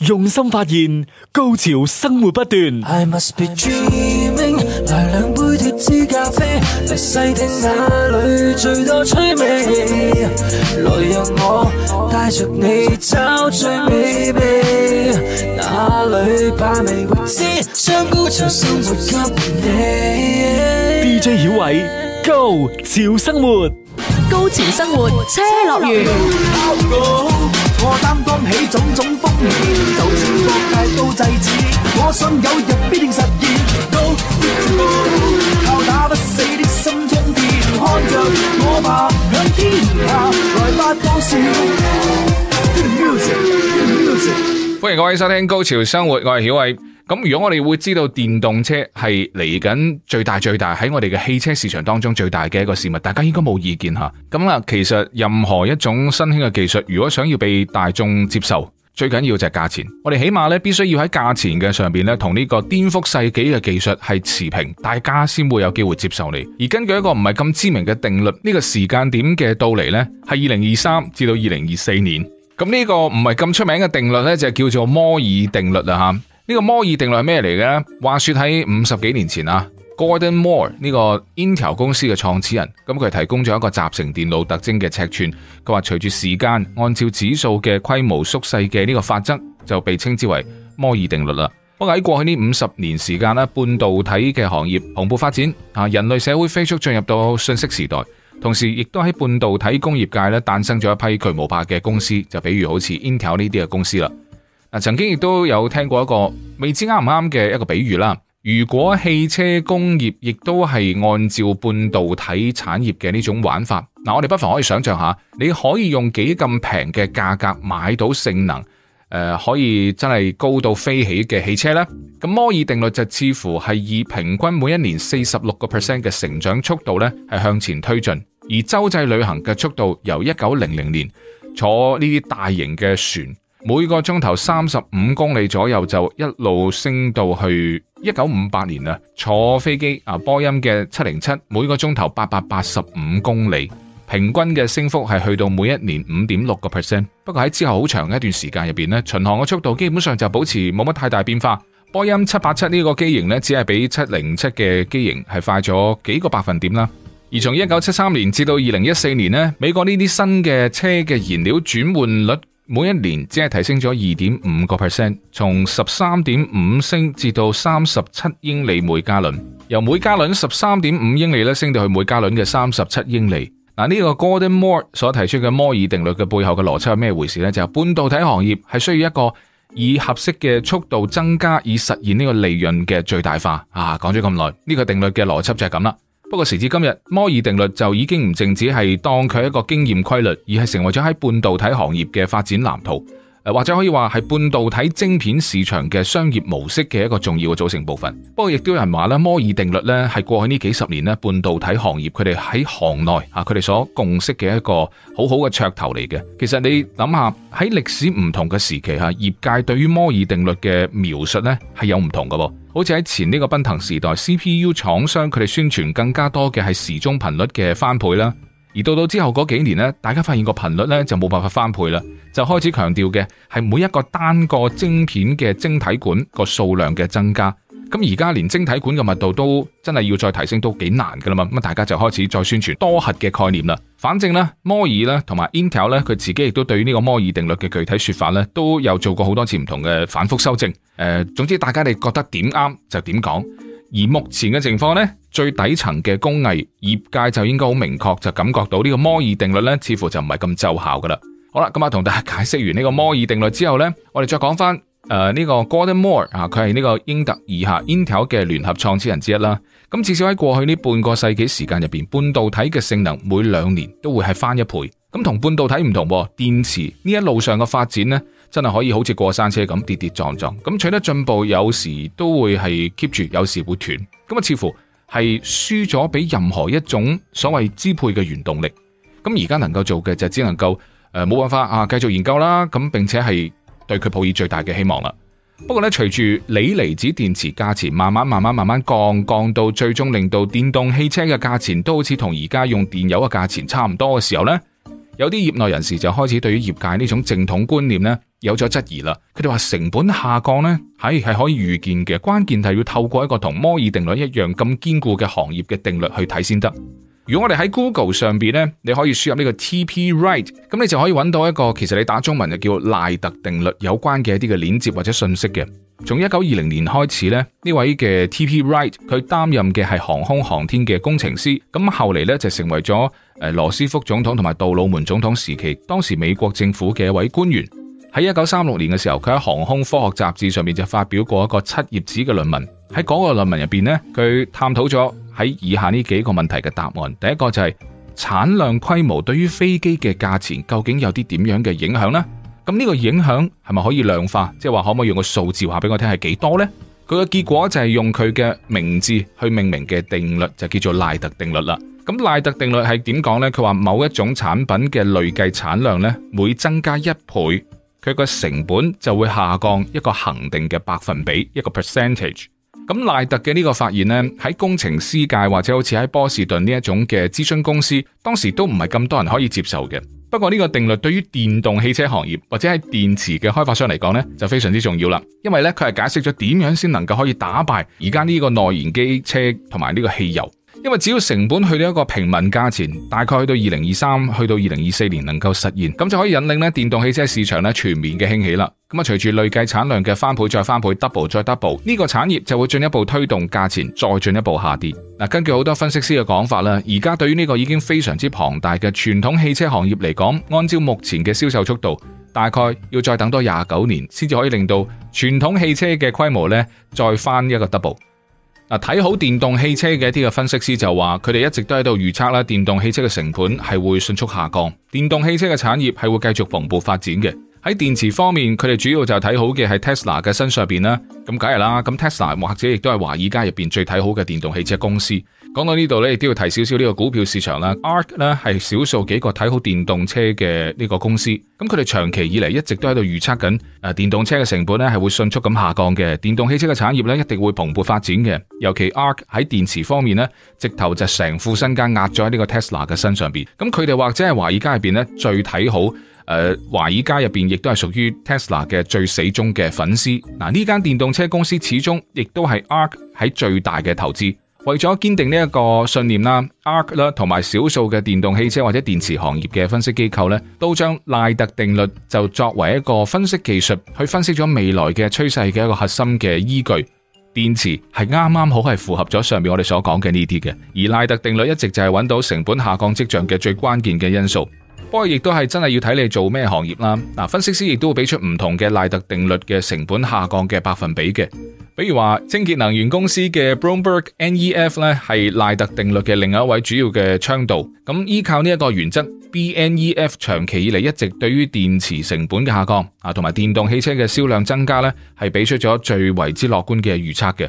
用心發現，高潮生活不斷。I must be dreaming，來兩杯脫脂咖啡，嚟細聽那裏最多趣味。來讓我帶着你找最美味，哪裏把味知？將高潮生活給你。DJ 小偉，Go 潮生活。高潮生活，車樂園。咁如果我哋會知道電動車係嚟緊最大最大喺我哋嘅汽車市場當中最大嘅一個事物，大家應該冇意見吓。咁啦，其實任何一種新興嘅技術，如果想要被大眾接受，最緊要就係價錢。我哋起碼咧必須要喺價錢嘅上邊咧同呢個顛覆世紀嘅技術係持平，大家先會有機會接受你。而根據一個唔係咁知名嘅定律，呢個時間點嘅到嚟呢係二零二三至到二零二四年。咁呢個唔係咁出名嘅定律呢，就叫做摩爾定律啦吓。呢個摩爾定律係咩嚟嘅？話說喺五十幾年前啊，Gordon Moore 呢個 Intel 公司嘅創始人，咁佢提供咗一個集成電腦特徵嘅尺寸。佢話隨住時間，按照指數嘅規模縮細嘅呢個法則，就被稱之為摩爾定律啦。不過喺過去呢五十年時間咧，半導體嘅行業蓬勃發展，啊，人類社會飛速進入到信息時代，同時亦都喺半導體工業界咧誕生咗一批巨無霸嘅公司，就比如好似 Intel 呢啲嘅公司啦。曾經亦都有聽過一個，未知啱唔啱嘅一個比喻啦。如果汽車工業亦都係按照半導體產業嘅呢種玩法，嗱，我哋不妨可以想象下，你可以用幾咁平嘅價格買到性能誒、呃、可以真係高到飛起嘅汽車呢。咁摩爾定律就似乎係以平均每一年四十六個 percent 嘅成長速度咧係向前推進，而洲際旅行嘅速度由一九零零年坐呢啲大型嘅船，每個鐘頭三十五公里左右，就一路升到去一九五八年啦，坐飛機啊，波音嘅七零七，每個鐘頭八百八十五公里，平均嘅升幅係去到每一年五點六個 percent。不過喺之後好長一段時間入邊咧，巡航嘅速度基本上就保持冇乜太大變化。波音七八七呢個機型呢，只係比七零七嘅機型係快咗幾個百分點啦。而從一九七三年至到二零一四年呢，美國呢啲新嘅車嘅燃料轉換率。每一年只係提升咗二點五個 percent，從十三點五升至到三十七英里每加侖，由每加侖十三點五英里咧升到去每加侖嘅三十七英里。嗱，呢個 Gordon Moore 所提出嘅摩爾定律嘅背後嘅邏輯係咩回事呢？就係、是、半導體行業係需要一個以合適嘅速度增加，以實現呢個利潤嘅最大化。啊，講咗咁耐，呢、這個定律嘅邏輯就係咁啦。不過時至今日，摩爾定律就已經唔淨止係當佢係一個經驗規律，而係成為咗喺半導體行業嘅發展藍圖。或者可以話係半導體晶片市場嘅商業模式嘅一個重要嘅組成部分。不過亦都有人話咧，摩爾定律咧係過去呢幾十年咧半導體行業佢哋喺行內啊，佢哋所共識嘅一個好好嘅噱頭嚟嘅。其實你諗下喺歷史唔同嘅時期吓，業界對於摩爾定律嘅描述咧係有唔同嘅。好似喺前呢個奔騰時代，CPU 廠商佢哋宣傳更加多嘅係時鐘頻率嘅翻倍啦。而到到之後嗰幾年呢，大家發現個頻率呢就冇辦法翻倍啦，就開始強調嘅係每一個單個晶片嘅晶體管個數量嘅增加。咁而家連晶體管嘅密度都真係要再提升都幾難㗎啦嘛。咁大家就開始再宣傳多核嘅概念啦。反正呢，摩爾呢同埋 Intel 呢，佢自己亦都對於呢個摩爾定律嘅具體說法呢，都有做過好多次唔同嘅反復修正。誒、呃，總之大家你覺得點啱就點講。而目前嘅情況呢。最底層嘅工藝，業界就應該好明確，就感覺到呢個摩爾定律呢，似乎就唔係咁奏效噶啦。好啦，咁啊，同大家解釋完呢個摩爾定律之後呢，我哋再講翻誒呢個 Gordon Moore 啊，佢係呢個英特，下英特爾下 Intel 嘅聯合創始人之一啦。咁至少喺過去呢半個世紀時間入邊，半導體嘅性能每兩年都會係翻一倍。咁同半導體唔同，啊，電池呢一路上嘅發展呢，真係可以好似過山車咁跌跌撞撞。咁取得進步有時都會係 keep 住，有時會斷。咁啊，似乎。係輸咗俾任何一種所謂支配嘅原動力，咁而家能夠做嘅就只能夠誒冇辦法啊，繼續研究啦，咁並且係對佢抱以最大嘅希望啦。不過咧，隨住鋰離子電池價錢慢慢慢慢慢慢降降到最終令到電動汽車嘅價錢都好似同而家用電油嘅價錢差唔多嘅時候呢。有啲業內人士就開始對於業界呢種正統觀念呢有咗質疑啦。佢哋話成本下降呢係係可以預見嘅，關鍵係要透過一個同摩爾定律一樣咁堅固嘅行業嘅定律去睇先得。如果我哋喺 Google 上邊呢，你可以輸入呢個 TP Wright，咁你就可以揾到一個其實你打中文就叫賴特定律有關嘅一啲嘅鏈接或者信息嘅。從一九二零年開始呢，呢位嘅 T.P. Wright 佢擔任嘅係航空航天嘅工程師，咁後嚟呢，就成為咗誒羅斯福總統同埋杜魯門總統時期，當時美國政府嘅一位官員。喺一九三六年嘅時候，佢喺航空科學雜誌上面就發表過一個七頁紙嘅論文。喺嗰個論文入邊呢，佢探討咗喺以下呢幾個問題嘅答案。第一個就係產量規模對於飛機嘅價錢究竟有啲點樣嘅影響呢？咁呢個影響係咪可以量化？即係話可唔可以用個數字話俾我聽係幾多呢？佢嘅結果就係用佢嘅名字去命名嘅定律，就叫做賴特定律啦。咁賴特定律係點講呢？佢話某一種產品嘅累計產量呢，每增加一倍，佢個成本就會下降一個恆定嘅百分比，一個 percentage。咁賴特嘅呢個發現呢，喺工程師界或者好似喺波士頓呢一種嘅諮詢公司，當時都唔係咁多人可以接受嘅。不過呢個定律對於電動汽車行業或者喺電池嘅開發商嚟講呢，就非常之重要啦。因為呢，佢係解釋咗點樣先能夠可以打敗而家呢個內燃機車同埋呢個汽油。因為只要成本去到一個平民價錢，大概去到二零二三，去到二零二四年能夠實現，咁就可以引領呢電動汽車市場咧全面嘅興起啦。咁啊，隨住累計產量嘅翻倍再翻倍 double 再 double，呢個產業就會進一步推動價錢再進一步下跌。嗱，根據好多分析師嘅講法咧，而家對於呢個已經非常之龐大嘅傳統汽車行業嚟講，按照目前嘅銷售速度，大概要再等多廿九年，先至可以令到傳統汽車嘅規模呢再翻一個 double。睇好電動汽車嘅一啲嘅分析師就話，佢哋一直都喺度預測啦，電動汽車嘅成本係會迅速下降，電動汽車嘅產業係會繼續蓬勃發展嘅。喺電池方面，佢哋主要就係睇好嘅係 Tesla 嘅身上邊啦。咁梗係啦，咁 Tesla 或者亦都係華爾街入邊最睇好嘅電動汽車公司。講到呢度咧，都要提少少呢個股票市場啦。ARK 呢係少數幾個睇好電動車嘅呢個公司，咁佢哋長期以嚟一直都喺度預測緊誒電動車嘅成本呢係會迅速咁下降嘅，電動汽車嘅產業呢一定會蓬勃發展嘅。尤其 ARK 喺電池方面呢，直頭就成副身家壓咗喺呢個 Tesla 嘅身上邊。咁佢哋或者係華爾街入邊呢，最睇好，誒、呃、華爾街入邊亦都係屬於 Tesla 嘅最死忠嘅粉絲。嗱，呢間電動車公司始終亦都係 ARK 喺最大嘅投資。為咗堅定呢一個信念啦，ARK 啦同埋少數嘅電動汽車或者電池行業嘅分析機構咧，都將萊特定律就作為一個分析技術去分析咗未來嘅趨勢嘅一個核心嘅依據。電池係啱啱好係符合咗上面我哋所講嘅呢啲嘅，而萊特定律一直就係揾到成本下降跡象嘅最關鍵嘅因素。不過亦都係真係要睇你做咩行業啦。嗱、啊，分析師亦都會俾出唔同嘅賴特定律嘅成本下降嘅百分比嘅。比如話，清潔能源公司嘅 Bloomberg NEF 咧係賴特定律嘅另一位主要嘅倡導。咁、嗯、依靠呢一個原則，BNEF 長期以嚟一直對於電池成本嘅下降啊，同埋電動汽車嘅銷量增加咧係俾出咗最為之樂觀嘅預測嘅。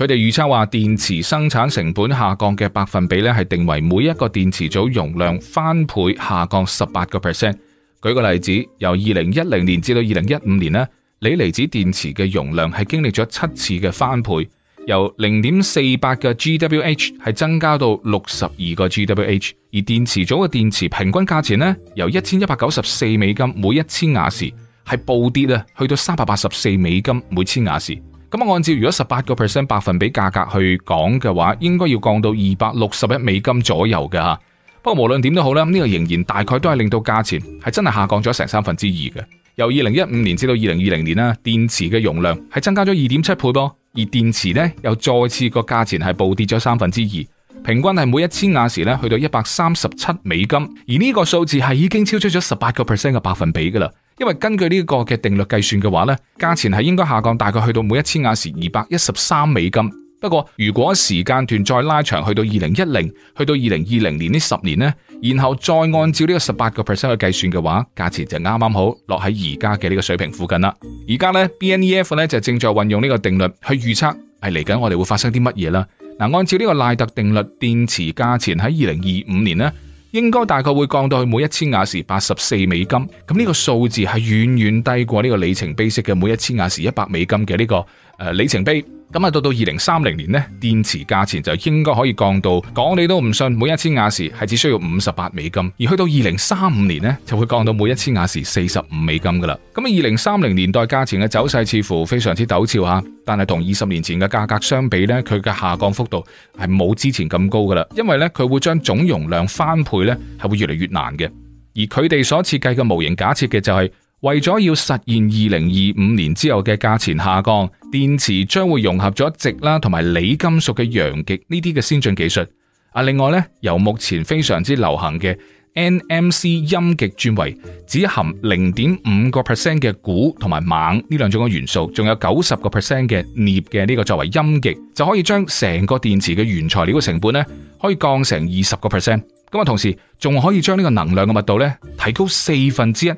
佢哋預測話，電池生產成本下降嘅百分比咧，係定為每一個電池組容量翻倍下降十八個 percent。舉個例子，由二零一零年至到二零一五年呢，鋰離子電池嘅容量係經歷咗七次嘅翻倍，由零點四八嘅 GWh 係增加到六十二個 GWh，而電池組嘅電池平均價錢呢，由一千一百九十四美金每一千瓦時係暴跌啊，去到三百八十四美金每千瓦時。咁啊，按照如果十八個 percent 百分比價格去講嘅話，應該要降到二百六十一美金左右嘅嚇。不過無論點都好啦，呢個仍然大概都係令到價錢係真係下降咗成三分之二嘅。由二零一五年至到二零二零年啦，電池嘅容量係增加咗二點七倍噃，而電池呢又再次個價錢係暴跌咗三分之二，3, 平均係每一千瓦時咧去到一百三十七美金，而呢個數字係已經超出咗十八個 percent 嘅百分比噶啦。因為根據呢個嘅定律計算嘅話呢，價錢係應該下降，大概去到每一千瓦時二百一十三美金。不過如果時間段再拉長，去到二零一零，去到二零二零年呢十年呢，然後再按照呢個十八個 percent 去計算嘅話，價錢就啱啱好落喺而家嘅呢個水平附近啦。而家呢 BNEF 呢，就是、正在運用呢個定律去預測係嚟緊我哋會發生啲乜嘢啦。嗱，按照呢個賴特定律，電池價錢喺二零二五年呢，應該大概會降到去每一千瓦時八十四美金，咁呢個數字係遠遠低過呢個里程碑式嘅每一千瓦時一百美金嘅呢個、呃、里程碑。咁啊，到到二零三零年呢，電池價錢就應該可以降到，講你都唔信，每一千瓦時係只需要五十八美金，而去到二零三五年呢，就會降到每一千瓦時四十五美金噶啦。咁二零三零年代價錢嘅走勢似乎非常之陡峭啊，但係同二十年前嘅價格相比呢，佢嘅下降幅度係冇之前咁高噶啦，因為呢，佢會將總容量翻倍呢，係會越嚟越難嘅，而佢哋所設計嘅模型假設嘅就係、是。為咗要實現二零二五年之後嘅價錢下降，電池將會融合咗矽啦同埋鋰金屬嘅陽極呢啲嘅先進技術。啊，另外咧，由目前非常之流行嘅 NMC 陰極轉為只含零點五個 percent 嘅鈷同埋錳呢兩種嘅元素，仲有九十個 percent 嘅鎳嘅呢個作為陰極，就可以將成個電池嘅原材料嘅成本呢可以降成二十個 percent。咁啊，同時仲可以將呢個能量嘅密度呢提高四分之一。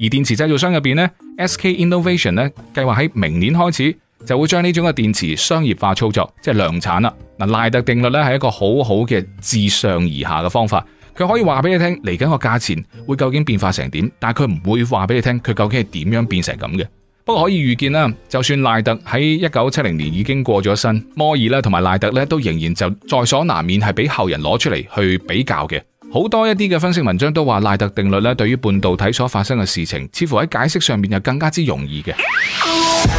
而電池製造商入邊咧，SK Innovation 咧計劃喺明年開始就會將呢種嘅電池商業化操作，即係量產啦。嗱，賴特定律咧係一個好好嘅自上而下嘅方法，佢可以話俾你聽嚟緊個價錢會究竟變化成點，但係佢唔會話俾你聽佢究竟係點樣變成咁嘅。不過可以預見啦，就算賴特喺一九七零年已經過咗身，摩爾啦同埋賴特咧都仍然就在所難免係俾後人攞出嚟去比較嘅。好多一啲嘅分析文章都話賴特定律咧，對於半導體所發生嘅事情，似乎喺解釋上面又更加之容易嘅。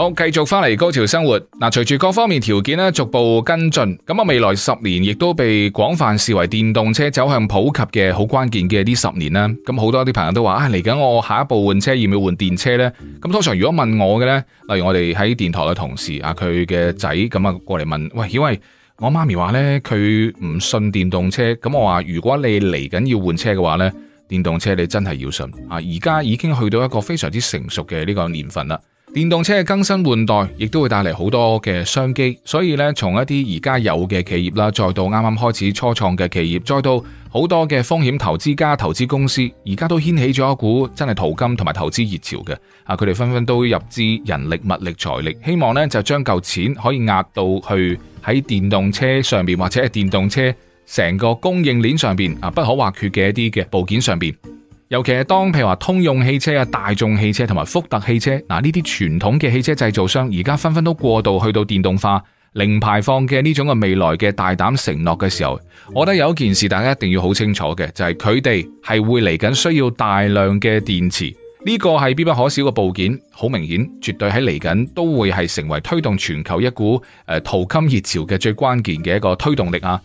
好，繼續翻嚟高潮生活。嗱，隨住各方面條件咧，逐步跟進，咁啊未來十年亦都被廣泛視為電動車走向普及嘅好關鍵嘅呢十年啦。咁好多啲朋友都話啊，嚟緊我下一步換車要唔要換電車呢？咁通常如果問我嘅呢，例如我哋喺電台嘅同事啊，佢嘅仔咁啊過嚟問，喂，咦，喂，我媽咪話呢，佢唔信電動車。咁我話，如果你嚟緊要換車嘅話呢，電動車你真係要信啊！而家已經去到一個非常之成熟嘅呢個年份。啦。電動車嘅更新換代，亦都會帶嚟好多嘅商機，所以呢，從一啲而家有嘅企業啦，再到啱啱開始初創嘅企業，再到好多嘅風險投資家、投資公司，而家都掀起咗一股真係淘金同埋投資熱潮嘅。啊，佢哋紛紛都入資人力、物力、財力，希望呢就將嚿錢可以壓到去喺電動車上邊，或者係電動車成個供應鏈上邊啊，不可或缺嘅一啲嘅部件上邊。尤其係當譬如話通用汽車啊、大眾汽車同埋福特汽車嗱呢啲傳統嘅汽車製造商，而家紛紛都過渡去到電動化、零排放嘅呢種嘅未來嘅大膽承諾嘅時候，我覺得有一件事大家一定要好清楚嘅，就係佢哋係會嚟緊需要大量嘅電池，呢個係必不可少嘅部件，好明顯絕對喺嚟緊都會係成為推動全球一股誒淘金熱潮嘅最關鍵嘅一個推動力啊！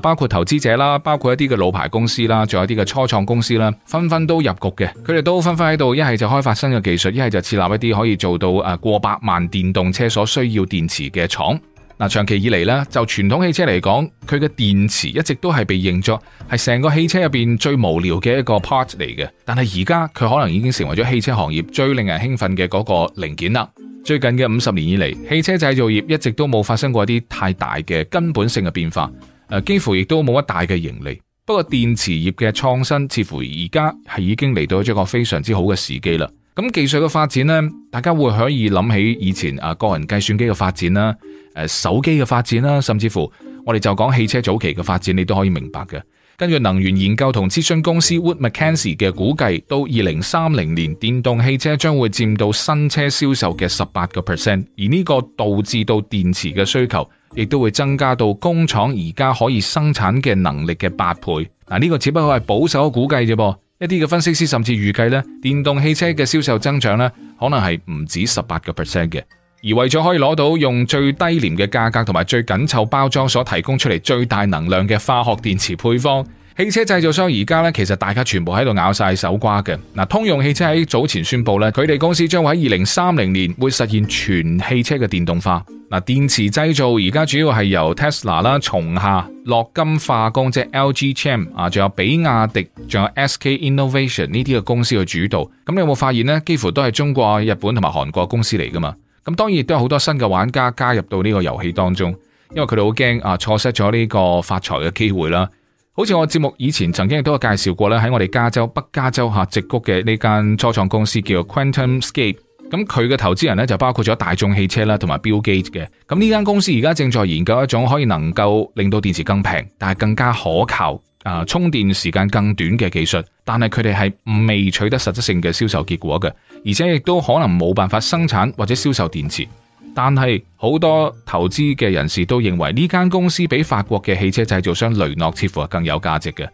包括投資者啦，包括一啲嘅老牌公司啦，仲有一啲嘅初創公司啦，紛紛都入局嘅。佢哋都紛紛喺度，一係就開發新嘅技術，一係就設立一啲可以做到誒過百萬電動車所需要電池嘅廠。嗱，長期以嚟呢，就傳統汽車嚟講，佢嘅電池一直都係被認作係成個汽車入邊最無聊嘅一個 part 嚟嘅。但係而家佢可能已經成為咗汽車行業最令人興奮嘅嗰個零件啦。最近嘅五十年以嚟，汽車製造業一直都冇發生過一啲太大嘅根本性嘅變化。誒，幾乎亦都冇一大嘅盈利。不過電池業嘅創新，似乎而家係已經嚟到咗一個非常之好嘅時機啦。咁技術嘅發展呢，大家會可以諗起以前誒個人計算機嘅發展啦，誒手機嘅發展啦，甚至乎我哋就講汽車早期嘅發展，你都可以明白嘅。根據能源研究同諮詢公司 Wood Mackenzie 嘅估計，到二零三零年，電動汽車將會佔到新車銷售嘅十八個 percent，而呢個導致到電池嘅需求。亦都會增加到工廠而家可以生產嘅能力嘅八倍。嗱，呢個只不過係保守估計啫噃。一啲嘅分析師甚至預計呢，電動汽車嘅銷售增長呢，可能係唔止十八個 percent 嘅。而為咗可以攞到用最低廉嘅價格同埋最緊湊包裝所提供出嚟最大能量嘅化學電池配方。汽車製造商而家咧，其實大家全部喺度咬晒手瓜嘅。嗱，通用汽車喺早前宣布咧，佢哋公司將會喺二零三零年會實現全汽車嘅電動化。嗱，電池製造而家主要係由 Tesla 啦、松下、樂金化工即係 LG Chem 啊，仲有比亞迪、仲有 SK Innovation 呢啲嘅公司去主導。咁你有冇發現呢？幾乎都係中國、日本同埋韓國公司嚟噶嘛？咁當然亦都有好多新嘅玩家加入到呢個遊戲當中，因為佢哋好驚啊，錯失咗呢個發財嘅機會啦。好似我節目以前曾經亦都有介紹過咧，喺我哋加州北加州下直谷嘅呢間初創公司叫 Quantum Scape。咁佢嘅投資人咧就包括咗大眾汽車啦，同埋 Bill Gates 嘅。咁呢間公司而家正在研究一種可以能夠令到電池更平，但係更加可靠啊，充電時間更短嘅技術。但係佢哋係未取得實質性嘅銷售結果嘅，而且亦都可能冇辦法生產或者銷售電池。但係好多投資嘅人士都認為呢間公司比法國嘅汽車製造商雷諾似乎係更有價值嘅。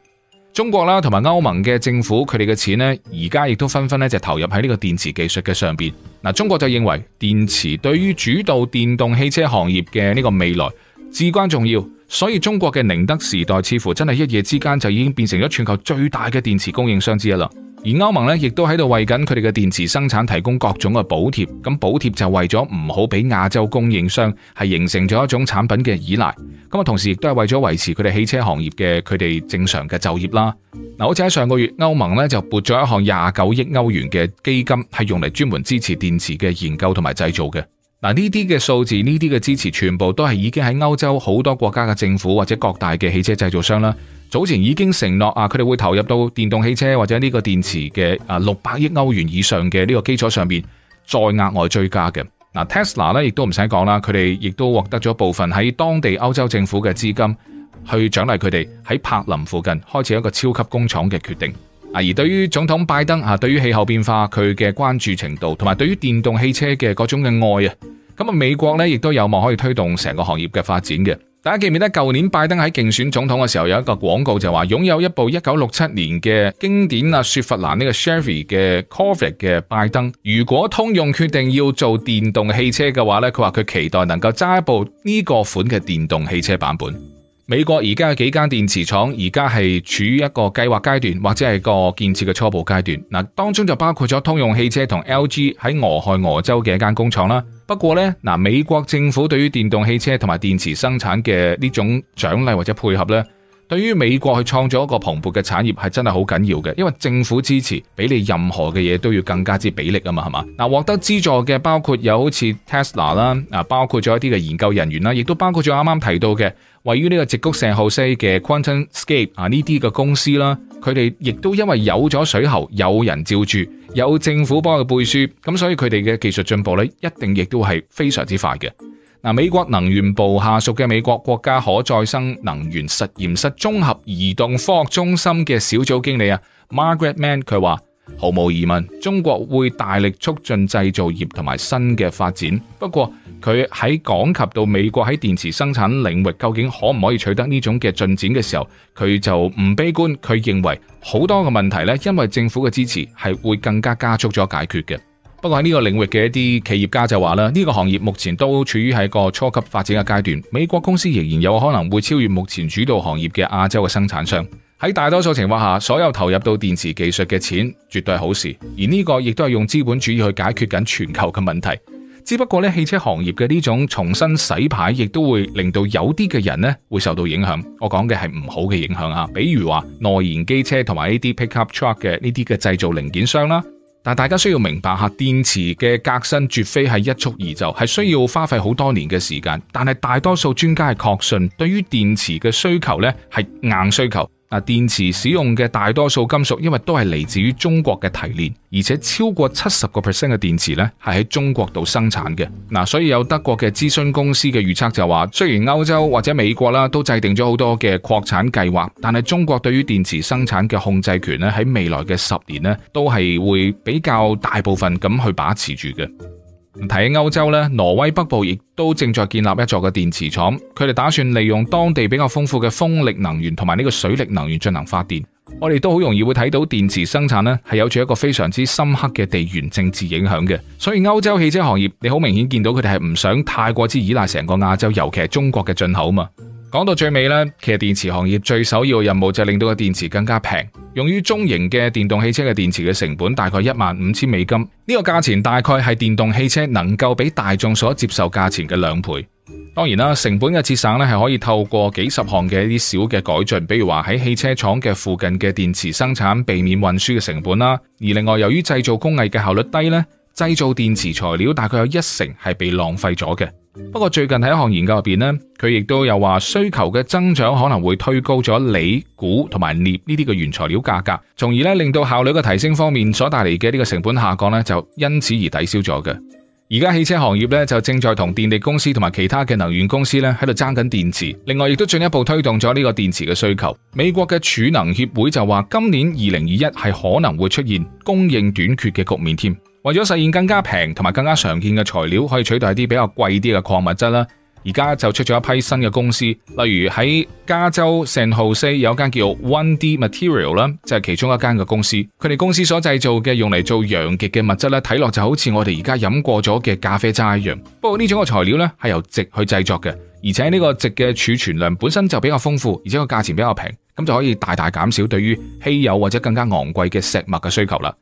中國啦同埋歐盟嘅政府，佢哋嘅錢呢而家亦都紛紛咧就投入喺呢個電池技術嘅上邊。嗱，中國就認為電池對於主導電動汽車行業嘅呢個未來至關重要，所以中國嘅寧德時代似乎真係一夜之間就已經變成咗全球最大嘅電池供應商之一啦。而歐盟咧，亦都喺度為緊佢哋嘅電池生產提供各種嘅補貼，咁補貼就為咗唔好俾亞洲供應商係形成咗一種產品嘅依賴，咁啊同時亦都係為咗維持佢哋汽車行業嘅佢哋正常嘅就業啦。嗱，好似喺上個月，歐盟咧就撥咗一項廿九億歐元嘅基金，係用嚟專門支持電池嘅研究同埋製造嘅。嗱，呢啲嘅數字，呢啲嘅支持，全部都係已經喺歐洲好多國家嘅政府或者各大嘅汽車製造商啦。早前已經承諾啊，佢哋會投入到電動汽車或者呢個電池嘅啊六百億歐元以上嘅呢個基礎上面，再額外追加嘅。嗱，Tesla 咧亦都唔使講啦，佢哋亦都獲得咗部分喺當地歐洲政府嘅資金，去獎勵佢哋喺柏林附近開始一個超級工廠嘅決定。啊，而對於總統拜登啊，對於氣候變化佢嘅關注程度，同埋對於電動汽車嘅各種嘅愛啊，咁啊美國呢亦都有望可以推動成個行業嘅發展嘅。大家記唔記得，舊年拜登喺競選總統嘅時候有一個廣告就話，擁有一部一九六七年嘅經典啊雪佛蘭呢個 Chevy 嘅 Corvette 嘅拜登，如果通用決定要做電動汽車嘅話呢，佢話佢期待能夠揸一部呢個款嘅電動汽車版本。美國而家有幾間電池廠而家係處於一個計劃階段或者係個建設嘅初步階段。嗱，當中就包括咗通用汽車同 LG 喺俄亥俄州嘅一間工廠啦。不過呢，嗱，美國政府對於電動汽車同埋電池生產嘅呢種獎勵或者配合呢，對於美國去創造一個蓬勃嘅產業係真係好緊要嘅，因為政府支持比你任何嘅嘢都要更加之俾力啊嘛，係嘛？嗱，獲得資助嘅包括有好似 Tesla 啦，啊，包括咗一啲嘅研究人員啦，亦都包括咗啱啱提到嘅。位於呢個矽谷聖荷西嘅 QuantumScape 啊，呢啲嘅公司啦，佢哋亦都因為有咗水喉，有人照住，有政府幫佢背書，咁所以佢哋嘅技術進步咧，一定亦都係非常之快嘅。嗱、啊，美國能源部下屬嘅美國國家可再生能源實驗室綜合移動科學中心嘅小組經理啊，Margaret Mann 佢話。毫無疑問，中國會大力促進製造業同埋新嘅發展。不過，佢喺講及到美國喺電池生產領域究竟可唔可以取得呢種嘅進展嘅時候，佢就唔悲觀。佢認為好多嘅問題呢，因為政府嘅支持係會更加加速咗解決嘅。不過喺呢個領域嘅一啲企業家就話啦，呢個行業目前都處於喺個初級發展嘅階段。美國公司仍然有可能會超越目前主導行業嘅亞洲嘅生產商。喺大多數情況下，所有投入到電池技術嘅錢絕對係好事，而呢個亦都係用資本主義去解決緊全球嘅問題。只不過咧，汽車行業嘅呢種重新洗牌，亦都會令到有啲嘅人呢會受到影響。我講嘅係唔好嘅影響啊，比如話內燃機車同埋呢啲 pickup truck 嘅呢啲嘅製造零件商啦。但大家需要明白下，電池嘅革新絕非係一蹴而就，係需要花費好多年嘅時間。但係大多數專家係確信，對於電池嘅需求呢係硬需求。嗱，電池使用嘅大多數金屬，因為都係嚟自於中國嘅提煉，而且超過七十個 percent 嘅電池咧，係喺中國度生產嘅。嗱，所以有德國嘅諮詢公司嘅預測就話，雖然歐洲或者美國啦都制定咗好多嘅擴產計劃，但係中國對於電池生產嘅控制權咧，喺未來嘅十年咧，都係會比較大部分咁去把持住嘅。睇歐洲咧，挪威北部亦都正在建立一座嘅電池廠，佢哋打算利用當地比較豐富嘅風力能源同埋呢個水力能源進行發電。我哋都好容易會睇到電池生產呢係有住一個非常之深刻嘅地緣政治影響嘅，所以歐洲汽車行業你好明顯見到佢哋係唔想太過之依賴成個亞洲，尤其係中國嘅進口嘛。講到最尾咧，其實電池行業最首要任務就係令到個電池更加平。用於中型嘅電動汽車嘅電池嘅成本大概一萬五千美金，呢個價錢大概係電動汽車能夠俾大眾所接受價錢嘅兩倍。當然啦，成本嘅節省咧係可以透過幾十項嘅一啲小嘅改進，比如話喺汽車廠嘅附近嘅電池生產，避免運輸嘅成本啦。而另外，由於製造工藝嘅效率低咧，製造電池材料大概有一成係被浪費咗嘅。不過最近喺一項研究入邊呢，佢亦都有話需求嘅增長可能會推高咗鋰、鈷同埋鎳呢啲嘅原材料價格，從而咧令到效率嘅提升方面所帶嚟嘅呢個成本下降咧就因此而抵消。咗嘅。而家汽車行業咧就正在同電力公司同埋其他嘅能源公司咧喺度爭緊電池，另外亦都進一步推動咗呢個電池嘅需求。美國嘅儲能協會就話今年二零二一係可能會出現供應短缺嘅局面添。為咗實現更加平同埋更加常見嘅材料，可以取代一啲比較貴啲嘅礦物質啦。而家就出咗一批新嘅公司，例如喺加州聖荷西有一間叫 One D Material 啦，就係其中一間嘅公司。佢哋公司所製造嘅用嚟做陽極嘅物質咧，睇落就好似我哋而家飲過咗嘅咖啡渣一樣。不過呢種嘅材料咧係由矽去製作嘅，而且呢個矽嘅儲存量本身就比較豐富，而且個價錢比較平，咁就可以大大減少對於稀有或者更加昂貴嘅石墨嘅需求啦。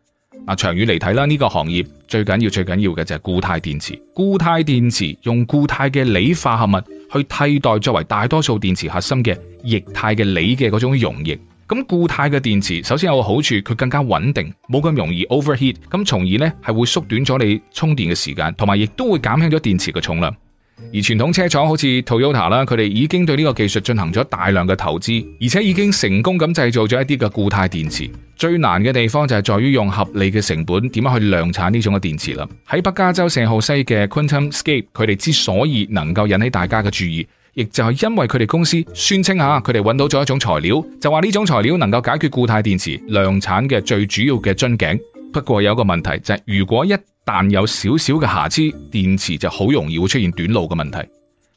嗱，長遠嚟睇啦，呢個行業最緊要、最緊要嘅就係固態電池。固態電池用固態嘅鋰化合物去替代作為大多數電池核心嘅液態嘅鋰嘅嗰種溶液。咁固態嘅電池首先有個好處，佢更加穩定，冇咁容易 overheat。咁從而呢係會縮短咗你充電嘅時間，同埋亦都會減輕咗電池嘅重量。而傳統車廠好似 Toyota 啦，佢哋已經對呢個技術進行咗大量嘅投資，而且已經成功咁製造咗一啲嘅固態電池。最難嘅地方就係在於用合理嘅成本點樣去量產呢種嘅電池啦。喺北加州聖浩西嘅 QuantumScape，佢哋之所以能夠引起大家嘅注意，亦就係因為佢哋公司宣稱下，佢哋揾到咗一種材料，就話呢種材料能夠解決固態電池量產嘅最主要嘅樽頸。不過有一個問題就係，如果一旦有少少嘅瑕疵，電池就好容易會出現短路嘅問題。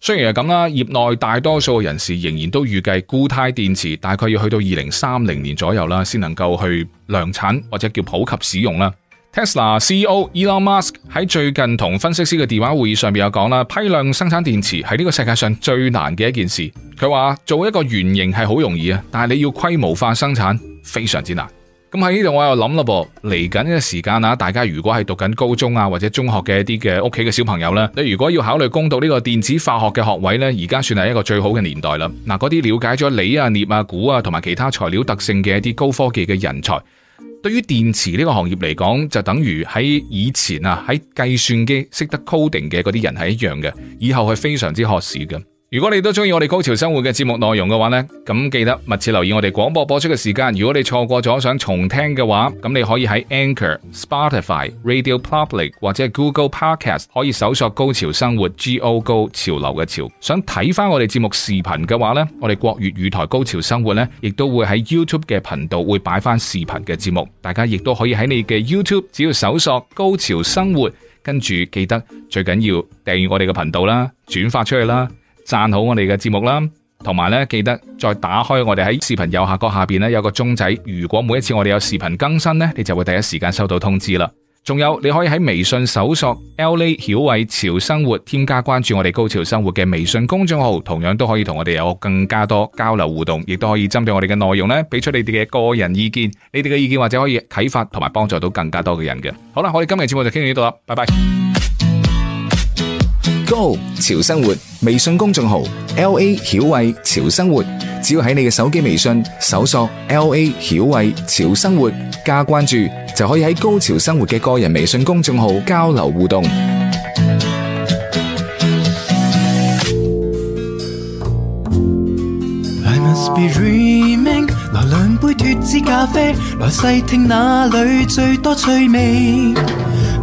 雖然係咁啦，業內大多數嘅人士仍然都預計固態電池大概要去到二零三零年左右啦，先能夠去量產或者叫普及使用啦。Tesla CEO Elon Musk 喺最近同分析師嘅電話會議上面有講啦，批量生產電池係呢個世界上最難嘅一件事。佢話做一個原型係好容易啊，但係你要規模化生產非常之難。咁喺呢度，我又諗啦噃，嚟緊嘅時間啊，大家如果係讀緊高中啊或者中學嘅一啲嘅屋企嘅小朋友呢，你如果要考慮攻讀呢個電子化學嘅學位呢，而家算係一個最好嘅年代啦。嗱，嗰啲了解咗鋰啊、鎳啊、鈷啊同埋其他材料特性嘅一啲高科技嘅人才，對於電池呢個行業嚟講，就等於喺以前啊喺計算機識得 coding 嘅嗰啲人係一樣嘅，以後係非常之合適嘅。如果你都中意我哋《高潮生活》嘅節目內容嘅話呢，咁記得密切留意我哋廣播播出嘅時間。如果你錯過咗，想重聽嘅話，咁你可以喺 Anchor、Spotify、Radio Public 或者係 Google Podcast 可以搜索《高潮生活》GOGO，潮流嘅潮。想睇翻我哋節目視頻嘅話，我呢，我哋國粵語台《高潮生活》呢亦都會喺 YouTube 嘅頻道會擺翻視頻嘅節目，大家亦都可以喺你嘅 YouTube 只要搜索《高潮生活》，跟住記得最緊要訂閱我哋嘅頻道啦，轉發出去啦。讚好我哋嘅節目啦，同埋咧記得再打開我哋喺視頻右下角下邊咧有個鐘仔，如果每一次我哋有視頻更新呢，你就會第一時間收到通知啦。仲有你可以喺微信搜索 LA 曉偉潮生活，添加關注我哋高潮生活嘅微信公眾號，同樣都可以同我哋有更加多交流互動，亦都可以針對我哋嘅內容咧，俾出你哋嘅個人意見，你哋嘅意見或者可以啟發同埋幫助到更加多嘅人嘅。好啦，我哋今日節目就傾到呢度啦，拜拜。高潮生活微信公眾號 L A 曉慧潮生活。只要喺你嘅手機微信搜索 L A 曉慧潮生活加關注，就可以喺高潮生活嘅個人微信公眾號交流互動。來兩杯脫脂咖啡，來細聽那裏最多趣味。